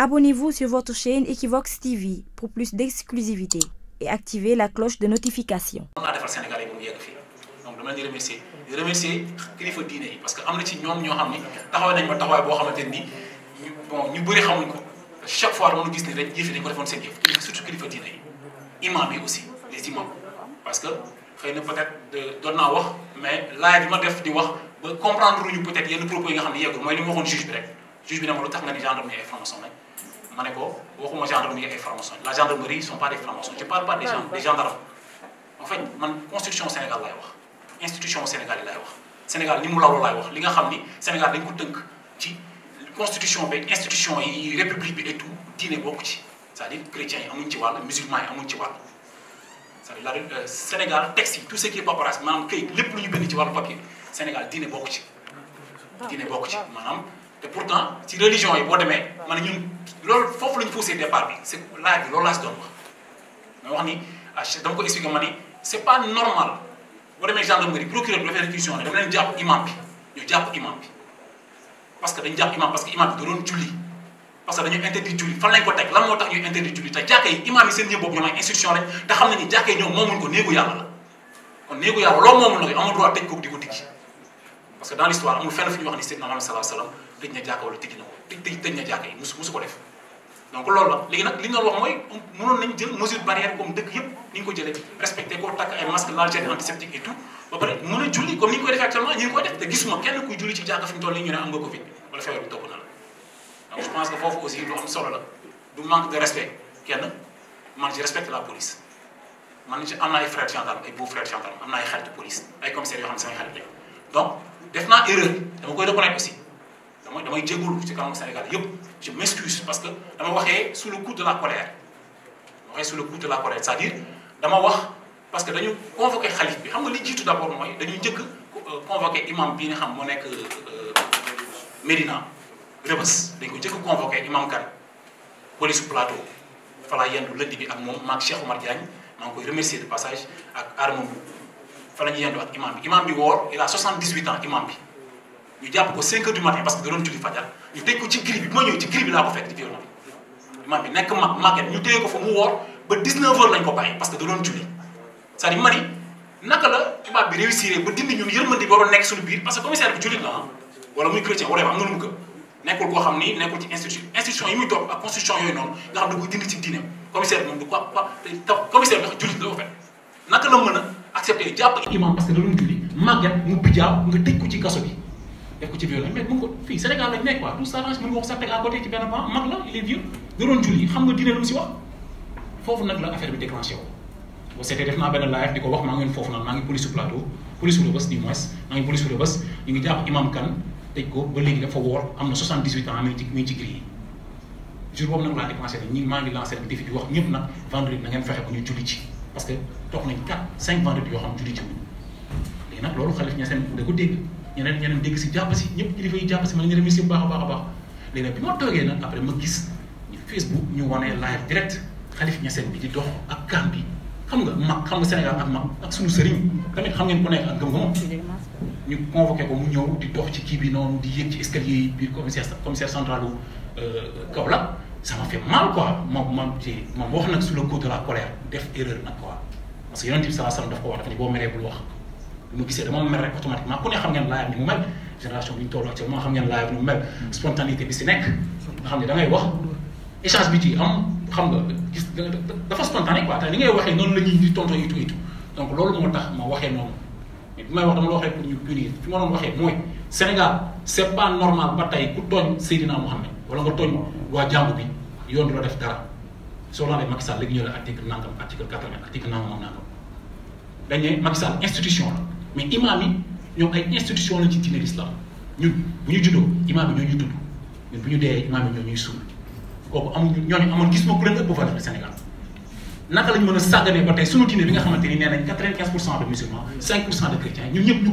Abonnez-vous sur votre chaîne Equivox TV pour plus la cloche de notification. mën naa defar Sénégal yi ba mu yegg fii donc dama di remercier kilifa diine yi parce que am na ci ñoom ñoo xam ni taxaw nañ ma taxawaay boo xamante ni ñu bon ñu bëri xamuñ ko chaque fois dama gis ne rek jëfe dañ ko defoon seen jëf kilifa surtout yi imam yi aussi les imams parce que xëy na peut-être doon naa wax mais laaj bi ma def di wax ba comprendre ñu peut-être yenn propos yi nga xam ne yeggul mooy li ma waxoon juge bi rek. juge bi ne ma lu tax nga ni gendarmerie ay franc-maçon lañ ma ne ko waxuma gendarmerie ay franc-maçon la gendarmerie ils sont pas des francs-maçons je parle pas des gens des gendarmes en fait man constitution Sénégal laay wax institution Sénégal yi laay wax Sénégal ni mu lawloo laay wax li nga xam ni Sénégal dañ ko tënk ci constitution bi institution yi république bi et tout diine bokk ci c'est-à-dire chrétiens yi amuñ ci wàll musulmans yi amuñ ci wàll c'est-à-dire la euh, Sénégal texte yi tout ce qui est paperasse maanaam këyit lépp lu ñu bind ci wàllu papier Sénégal diine bokk ci diine bokk ci maanaam te pourtant ci religion yi boo demee ma ne ñun loolu foofu la ñu poussé départ bi c' est laaj loolu laa si doon ni ah dama ko expliqué ma ni c' est pas normal boo demee gendarmerie procureur imam bi parce que dañu jàpp imam bi moo tax ñuy interdit julli te jàkka yi imam yi seen ñëw boobu ñoom ay institution lañ te xam nañu jàkka yi ñoom ko néegu yàlla la kon néegu yàlla loo moomul la koy amoo droit tëj ko di ko tijji parce que dans l'histoire amul fenn fu ñu wax ni Seydina Muhammad sallallahu alayhi wa sallam tëj na jàkka wala tëj na ko tëj tëj na jàkka yi musu musu ko def donc loolu la léegi nag li nga wax mooy mënoon nañ jël mesure barrière comme dëkk yëpp ni ko jëlee respecté ko takk ay masque laal gel antiseptique et ba pare mën a julli comme ni koy def te gisuma kenn kuy julli ci jàkka fi ñu toll ñu ne am nga covid bi wala feebar bi def naa erreur dama koy reconnaître aussi damay damay jégalu ci kanamu Sénégal yëpp je m'excuse parce que dama waxee sous le coup de la colère waxee sous le coup de la colère cest dire dama wax parce que dañu convoqué xalif bi xam nga li jiitu d'abord mooy dañu njëkk euh, convoqué imam bi nga xam moo nekk euh, Médina Rebeuss dañ ko njëkk convoqué imam kan police plateau falaa yendu lënd bi ak moom maag Cheikh Oumar Diagne maa ngi koy remercier de passage ak Armand Mboup ñu yendu ak imam bi imam a 78 ans imam bi ñu jàpp ko cin heures du matin parce que da bi bu ñu téye ko fa mu woor ko bàyyi parce que da doon julli c'est-à-dire mani naka la tubaab bi réussir ba dindi ñun yërmande bi waroon nekk suñu biir parce que commissaire bi jullit la ah wala muy chrétien wala am nga nu mu ko nekkul koo xam ni nekkul ci institution institution yi muy topp ak constitution yooyu noonu nga xam da koy dindi ci diineem commissaire bi du quoi quoi te commissaire bi nga la ko fekk naka la mën a accepter bi teg ko ci violon ko fii Sénégal lañ nekk quoi tout ça mën nga wax sax teg à côté ci benn ban mag la il est vieux doon julli xam nga diine lu si wax foofu nag la affaire bi déclenché wu boo seetee def naa benn live di ko wax maa ngi foofu naan maa ngi police na 78 ans mi ngi ci mi ngi ci gris jour boobu nag laa dépensé ne ngi lancé rek wax ñëpp nag vendredi na ngeen fexe ba ñu julli ci parce que toog nañ 4 5 vendredi yoo xam julli ci wuñ léegi nag loolu xalif ña seen da ko dégg ñeneen ñeneen dégg si jàpp si ñëpp kilifa yi jàpp si ma leen remercier bu baax a baax a baax léegi nag bi ma toogee nag après ma gis ñu Facebook ñu wanee live direct Khalifa Niassène bi di dox ak kan bi xam nga mag xam nga Sénégal ak mag ak suñu sëriñ tamit xam ngeen ku nekk ak gëm-gëm ñu convoqué ko mu ñëw di dox ci kii bi noonu di yéeg ci escalier yi biir commissaire commissaire central u euh, Kaolack ça m'a fait mal quoi ma ma ci ma wax nag sur le coup la colère def erreur nag quoi parce que daf ko wax dafa ni boo meree bi ma gisee dama mer rek automatiquement ku ne xam ngeen laayam ni mu mel génération bi ñu toll actuellement xam ngeen laayam ni mu mel mm. spontanéité bi si nekk nga xam ne da ngay wax échange bi ci am xam nga gis dafa spontané quoi te li ngay waxee noonu la ñuy di tonto itu itu donc loolu moo tax ma waxee noonu mais bi may wax dama la waxee pour ñu fi ma doon waxee mooy Sénégal c'est pas normal ba tey ku tooñ Seydina Mohamed wala nga tooñ waa jàmb bi yoon du def dara soo laalee Macky Sall léegi ñu ne la article nangam article quatre-vingt article nangam ak nangam dañ ne mais imaam yi ñoom ay institution la ci diine l'islam ñun bu ñu juddoo imaam yi ñoo ñuy dund ñun bu ñu dee imaam yi ñoo ñuy suul kooku amuñu ñooñu amoon gis ma ku leen ëpp valeur Sénégal naka la ñu mën a sàgganee ba tey suñu diine bi nga xamante ni nee nañ quatre-vingt-quinze pour cent de musulmans cinq pour cent de ñu gëm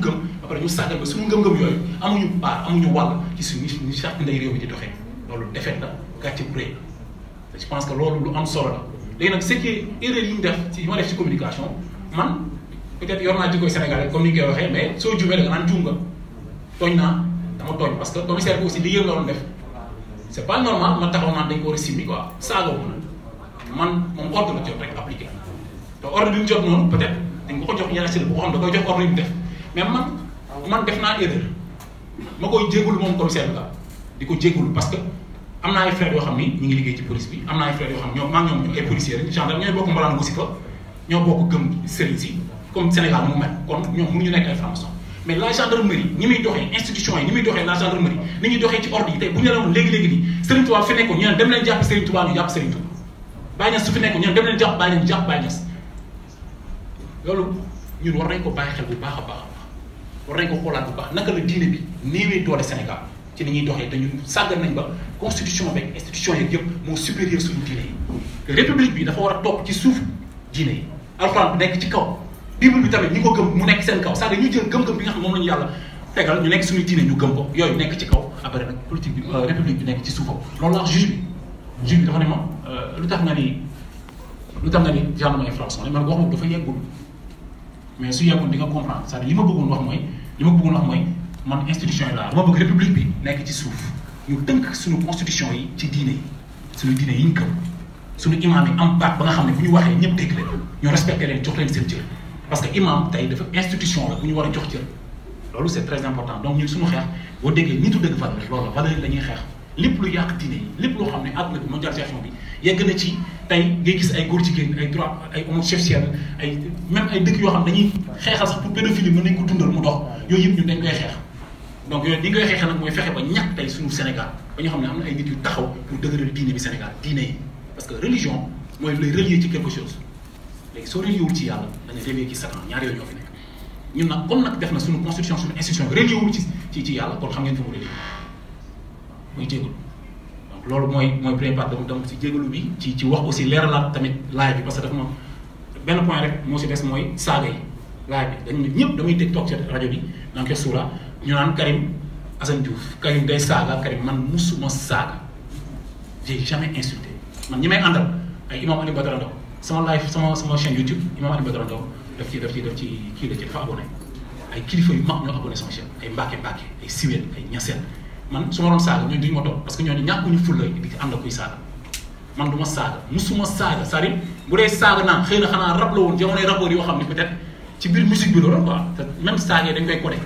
ba ñu sàggan ba suñu ngëm-ngëm yooyu amuñu part ci suñu ñu sàrt réew di doxee loolu defet la gàcce bu rëy je pense que loolu lu am solo la léegi nag ce qui yi ñu def ci yi ma def ci communication man peut-être yor naa jikkoy sénégalais comme ni koy waxee mais soo jubee da nga naan juum nga tooñ naa dama tooñ parce que commissaire bi aussi liggéeyam la doon def c'est pas normal ma taxaw naan dañ ko war a man moom ordre la jot rek appliqué te ordre bi mu jot noonu peut ko ko jox ñaar sëriñ xam da koy jox ordre yi mu def mais man man def naa erreur ma koy jégalu moom commissaire bi la di ko jégalu parce que am na ay frères yoo xam ni ñu ngi liggéey ci police bi am na ay frères yoo xam ñoom maa ngi ñoom ay policiers rek gendarme ñooy bokk mbalaan gu si ñoo bokk gëm sëriñ comme Sénégal mu mel kon ñoom mënuñu nekk ay mais la gendarmerie ñi muy doxee institution yi ñi muy doxee la gendarmerie ni ñuy doxee ci ordre yi tey bu ñu la woon léegi-léegi nii Serigne Touba fi nekkoon ñu ne dem leen jàpp Serigne jàpp Serigne dem leen jàpp Baye Niass jàpp loolu ñun war nañ ko bàyyi bu baax a baax war nañ ko xoolaat bu baax naka la diine bi néewee doole Sénégal ci ni ñuy doxee te ñun sàggal nañ ba constitution beeg institution yeeg yëpp moo supérieur su diine yi république bi dafa war a topp ci suuf diine yi alxuraan bi nekk ci kaw bible bi tamit ñi ko gëm mu nekk seen kaw c'est-à-dire ñu jël gëm-gëm bi nga xam moom la yàlla nekk suñu diine ñu gëm ko yooyu nekk ci kaw après nag politique bi euh, nekk ci ne ma euh, tax nga ni lu tax nga ni gendarmerie France ma ne man wax moom dafa yeggul mais su yeggul di nga comprendre c'est-à-dire wax mooy ma bëggoon wax mooy man institution yi laa dama bëgg république bi nekk ci suuf ñu tënk suñu constitution yi ci diine yi suñu diine yi ñu gëm suñu imaam yi am baat ba nga xam ne bu ñu waxee ñëpp dégg leen ñu respecté leen jox leen seen cër parce que imam tey dafa institution la bu ñu war a jox cër loolu c'est très important donc ñun suñu xeex boo déggee nitu dëgg valeur loolu valeur yi la xeex lépp lu yàq diine yi lépp loo xam ne àdduna bi mondialisation bi yegg tey ngay gis ay góor jigéen ay droit ay homosexuels ay même ay dëkk yoo xam dañuy xeexal sax pour pédophilie mën nañ ko dundal mu dox yooyu yëpp ñun dañ koy xeex donc yooyu li ngay xeexee mooy fexe ba ñàkk tey suñu Sénégal ba ñu xam ne am na ay nit yu taxaw pour dëgëral diine bi Sénégal diine yi parce que religion mooy lay léegi soo relié wul ci yàlla dañu nga relié ci satan ñaar yooyu ñoo fi nekk ñun nag comme nag def na suñu constitution suñu institution relié wul ci ci ci yàlla kon xam ngeen fu mu relié muy jéegul donc loolu mooy mooy premier part dama dama si bi ci ci wax aussi leeralaat tamit laaj bi parce que dafa ma benn point rek moo si des mooy saaga yi laaj bi dañu ne ñëpp damay dégg toog ci rajo bi donc nga koy suura ñu naan Karim Assane Diouf Karim day saaga Karim man musuma saaga j'ai jamais insulté man ñi may àndal ay imam Ali Badara sama live sama sama chaîne YouTube Imam Alioune Badara Ndao daf ci daf ci daf ci kii la ci dafa abonné ay kilifa yu mag ñoo abonné sama chaîne ay Mbàkke Mbàkke ay Siwel ay Ñaseen man su ma doon saaga ñooñu ma toog parce que ñooñu ñàkkuñu fulla di ànd ak kuy saaga man du ma saaga musuma bu dee saaga naan xëy na xanaa rab la woon jamonoy rapport yoo xam ne peut ci biir musique bi loolu quoi te même saaga dañ koy codé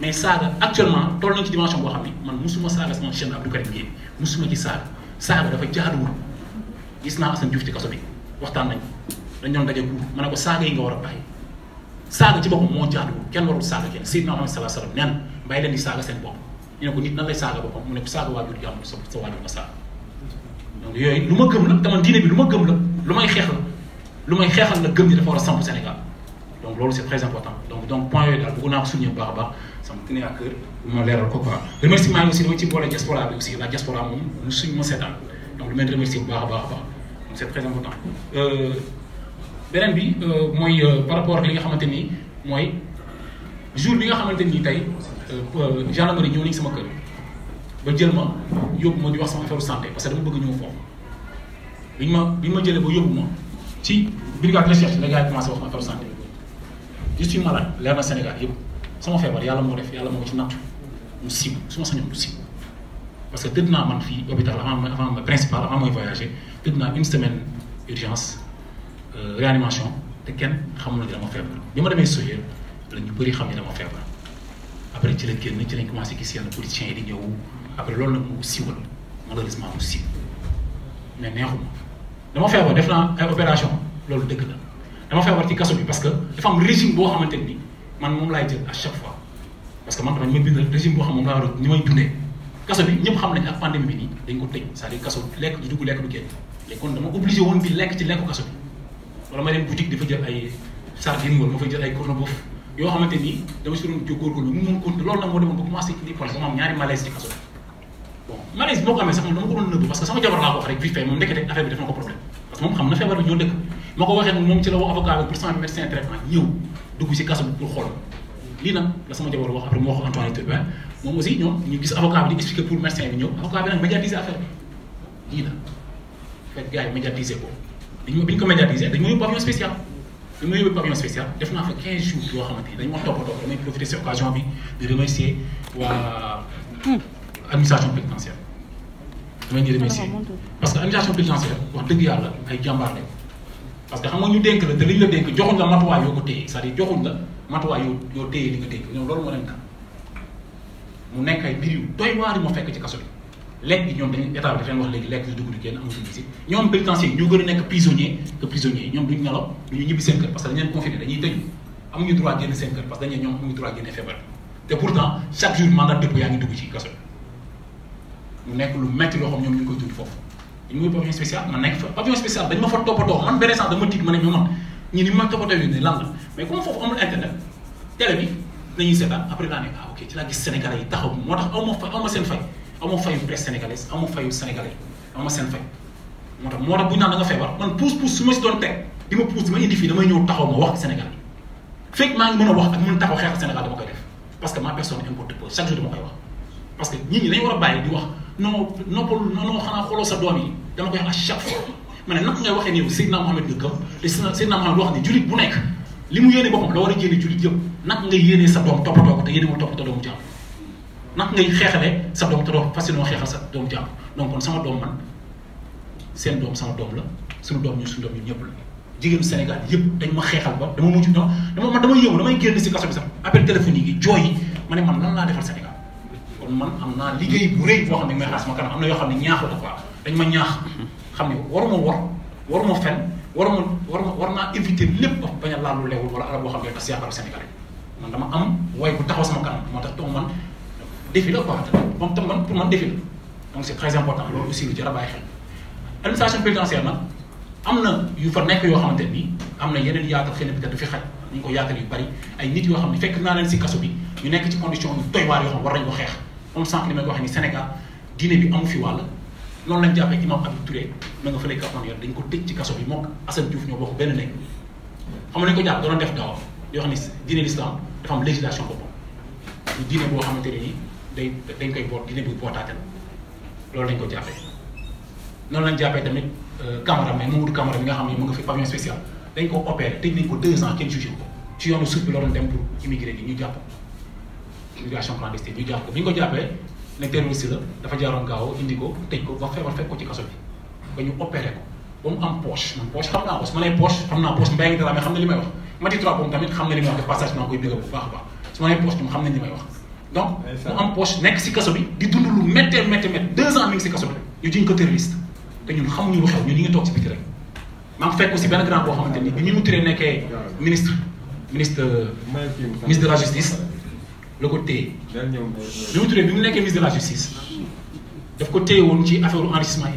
mais saaga actuellement toll nañ ci dimension boo xam ne man musuma saaga sama chaîne Abdou Karim Gueye musuma ci saaga saaga dafa jaaduwul gis naa Assane Diouf ci kaso bi waxtaan nañ dañ doon daje guub ma ko saaga yi nga war a bàyyi saaga ci boppam moo jaaduwul kenn warul saaga kenn Seydina Muhammad sallallahu alayhi wasallam neen bàyyi leen di saaga seen bopp ñu ne ko mu ne ko saaga waajur ju sa sa waajur yooyu lu ma gëm la dama diine bi lu ma gëm la lu may xeex lu may xeexal la gëm ni dafa war a samp Sénégal donc loolu c'est très important donc donc point yooyu daal bëgg naa ko souligner bu baax a baax sama tenir à cœur ma leeral ko quoi remerciement yi aussi dama ci boole diaspora bi la diaspora moom suñ ma seetaan donc baax a baax a c' est très important euh, beneen bi euh, mooy euh, par rapport li nga xamante ni mooy jour bi nga xamante ni tey gendarmerie ñëw nañ sama kër ba jël ma yóbbu ma di wax sama affaire santé parce que dama bëgg ñëw foofu bi ma biñ ma jëlee ba yóbbu ma ci brigade recherche la gars yi commencé wax na affaire santé je suis malade leer na Sénégal yëpp sama feebar yàlla moo def yàlla moo ko ci nattu mu siw su ma sañoon du parce que tëdd naa man fii hôpital avant avant ma principal avant mooy voyager tëdd naa une urgence euh, réanimation te kenn xamul ne dama feebar bi ma demee Sowel la ñu bëri xam ne dama feebar après ci la génn ci lañ commencé gis yenn politiciens yi di ñëw après loolu nag mu siiwal malheureusement mu siiw mais neexuma dama def naa ay loolu dëgg la dama feebar ci bi parce que dafa boo xamante ni man moom laay jël à chaque fois parce que man tamit xam moom ni may dundee. kaso bi ñëpp xam nañ ak pandémie bi nii dañ ko tëj c'est-à-dire kaso lekk du dugg lekk du génn léegi kon dama obligé woon di lekk ci lekku kaso bi wala may dem boutique dafa jël ay sardine wala yoo xamante nii dama si doon góorgóorlu mu moom kon loolu nag moo demoon ba commencé indi problème ba ma am ñaari malaise ko amee sax moom dama ko doon nëbb parce que sama jabar laa wax rek vite fait moom ndekete affaire bi def na ko problème parce que moom xam na feebar bi ñoo dëkk ma ko waxee moom ci la woo avocat bi pour sama médecin traitement ñëw dugg si kaso bi pour xool lii nag la wax moom aussi ñoom ñu gis avocat bi di expliquer pour médecin bi ñëw avocat bi nag médiatiser affaire bi lii fekk gars yi médiatiser ko dañu bi ñu ko médiatiser dañu ma yóbbu pavillon spécial dañu ma yóbbu pavillon spécial def naa fa 15 jours yoo xamante ni dañu ma toppatoo damay profiter si occasion bi di remercier waa administration pénitentiaire damay di remercier parce que administration pénitentiaire wax dëgg yàlla ay jàmbaar lañ parce que xam nga ñu dénk la te li ñu la dénk joxuñ la matuwaay yoo ko téye c'est-à-dire joxuñ la yoo téye li dénk ñoom loolu moo mu nekk ay mbir yu doy waar yu ma fekk ci kaso bi lekk ñoom dañuy état bi daf leen wax léegi lekk di dugg di génn amatuñu si ñoom pénitencier ñoo gën a ñoom duñu nelaw duñu dañu dugg ci kaso bi mu nekk lu metti loo xam ñoom ñu ngi koy dund foofu ñu ngi pavillon spécial ma nekk fa spécial dañu ma fa toppatoo man benn sens dama tiit ma ne ñu man ñi ni ma toppatoo yu ne lan la mais comme foofu amul internet télé bi dañuy seetaan après naa ne ah ok ci laa gis sénégalais yi taxaw moo tax aw seen fay aw ma fayu presse sénégalaise aw ma fayu sénégalais seen fay moo tax moo tax bu ñu naan da nga feebar man pousse pousse su a wax ak mën war a bàyyi di wax non noppal non xanaa xooloo sa doom yi dama koy wax à chaque fois ma ne naka ngay wax ni jullit bu nekk li mu yéene boppam la war a jéene jullit yëpp nag ngay yéenee sa doom toppatoo ko te yéenewul toppatoo doomu jàmm nag ngay xeexale sa doom te doo fasinoo xeexal sa doomu jàmm donc kon sama doom man seen doom sama doom la suñu doom ñu suñu doom ñun ñëpp la jigéenu Sénégal yëpp dañ ma xeexal ba dama mujj dama man damay yëngu damay génn si kaso bi sax appel téléphonique yi jooy ma ne man lan laa defal Sénégal kon man am naa liggéey bu rëy boo xam ne may xaas ma kanam am na yoo xam ne ñaaxu la dañ ma ñaax xam ne waruma war waruma fen waruma waruma war naa éviter lépp bañ a laal lu leewul boo xam ne man dama am way bu taxaw sama kanam moo tax toog man défi la quoi moom tam man pour man défi la donc c' très important loolu aussi lu jar a bàyyi xel. administration pénitentiaire am na yu fa nekk yoo xamante ni am na yeneen yaatal xëy na peut-être du fi xaj ñu ko yaatal yu bari ay nit yoo xam ne fekk naa leen si kaso bi ñu nekk ci condition yu doy waar yoo xam war nañu ko xeex comme sànq li may wax ni Sénégal diine bi amu fi wàll noonu lañ jàppee imam Abi Touré ma ko tëj ci kaso bi moom Assane Diouf ñoo bokk benn nekk xam nga yoo ne diine l'islam dafa am législation boppam ñu diine boo xamante ne nii day dañ koy boot diine buy bootaate la loolu lañ ko jàppee noonu lañ jàppee tamit euh, Camara mais Mamadou Camara mi nga xam ne mu nga fi pavillon spécial dañ ko opéré tëj nañ ko deux ans kenn ci yoonu suuf bi la doon dem pour immigré bi ñu jàpp immigration clandestine ñu jàpp ko bi ñu ko jàppee ne terroriste la dafa jaaroon gaaw indi ko tëj ko ba feebar fekk ko ci kaso bi ba ñu opéré ko ba mu am poche man poche xam naa ko su ma nee poche xam naa poche mbéy mi dara mais xam na li may wax mati boobu tamit xam na li may wax de su ma nee poche xam nañ li may wax. donc mu am poche nekk si kaso bi di dund lu méttee méttee méttee deux ans mi ngi si kaso bi ñu jiñ ko terroriste te ñun xamuñu lu xew ñun ñu toog si biti rek maa fekk aussi benn grand boo xamante ni bi ñu mu turee nekkee ministre ministre ministre de la justice la ko téye bi mu turee woon ci affaire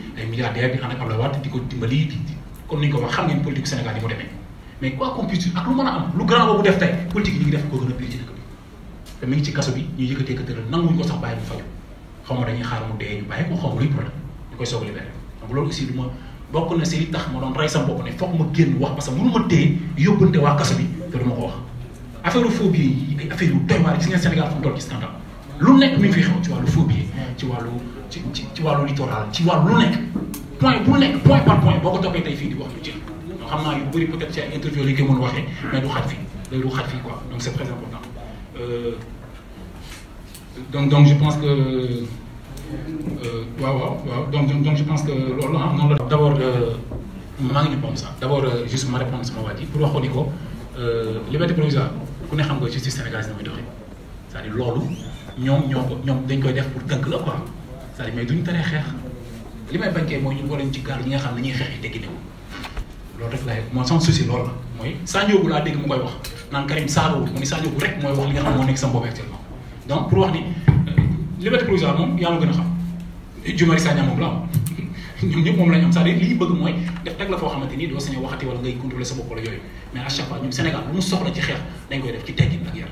des milliardaires di ànd ak Abdoulaye Wade di ko dimbali di kon ni ñu ko wax xam ngeen politique Sénégal yi mu demee mais quoi qu'on ak lu mën a am lu grand boobu def tey politique yi ñu ngi def ko gën a pire ci dëkk bi te mu dee ñu bàyyi ko a libéré donc loolu aussi bokk na si tax ma doon rey sama bopp ne foog ma génn wax parce que mënu ma téye yóbbante waa kaso bi te du ko wax affaire phobie yi ay affaire yu doy waar gis Sénégal fu mu toll ci scandale lu nekk mi ngi xew ci wàllu phobie ci ci ci ci wàllu littoral ci wàllu lu nekk point bu nekk point boo ko toppee tey fii di wax lu jeex ñoo xam naa yu bëri peut-être ci ay interview li ñu ko mën waxee mais du xat fii day du xat fii quoi donc euh, je pense que euh, waaw waaw waaw donc donc je pense que loolu ah noonu la d'abord euh, maa ngi ñu ma répondre sama pour waxoon ni ko liberté provisoire ku ne xam nga justice sénégalaise na muy doxee cest à loolu ñoom ñoo ko ñoom dañ koy def pour tënk la quoi c'est-à-dire mais duñ teree xeex li may bañ kay mooy ñu boole ci gaar ñi nga xam ne ñuy xeex teggi néew loolu rek laay moo sama souci loolu la mooy Sadio bu laa dégg mu koy ni Sadio bu rek mooy wax li nga xam moo nekk sama bopp actuellement donc pour wax euh, a xam Guy Marius Sagna moom la am ñoom ñëpp moom lañ am cest à li ñu bëgg mooy def teg la foo xamante ni doo sañ a waxati wala ngay contrôler sa bopp wala yooyu mais à chaque Sénégal lu mu soxla ci xeex dañ koy def ci teggin ak yar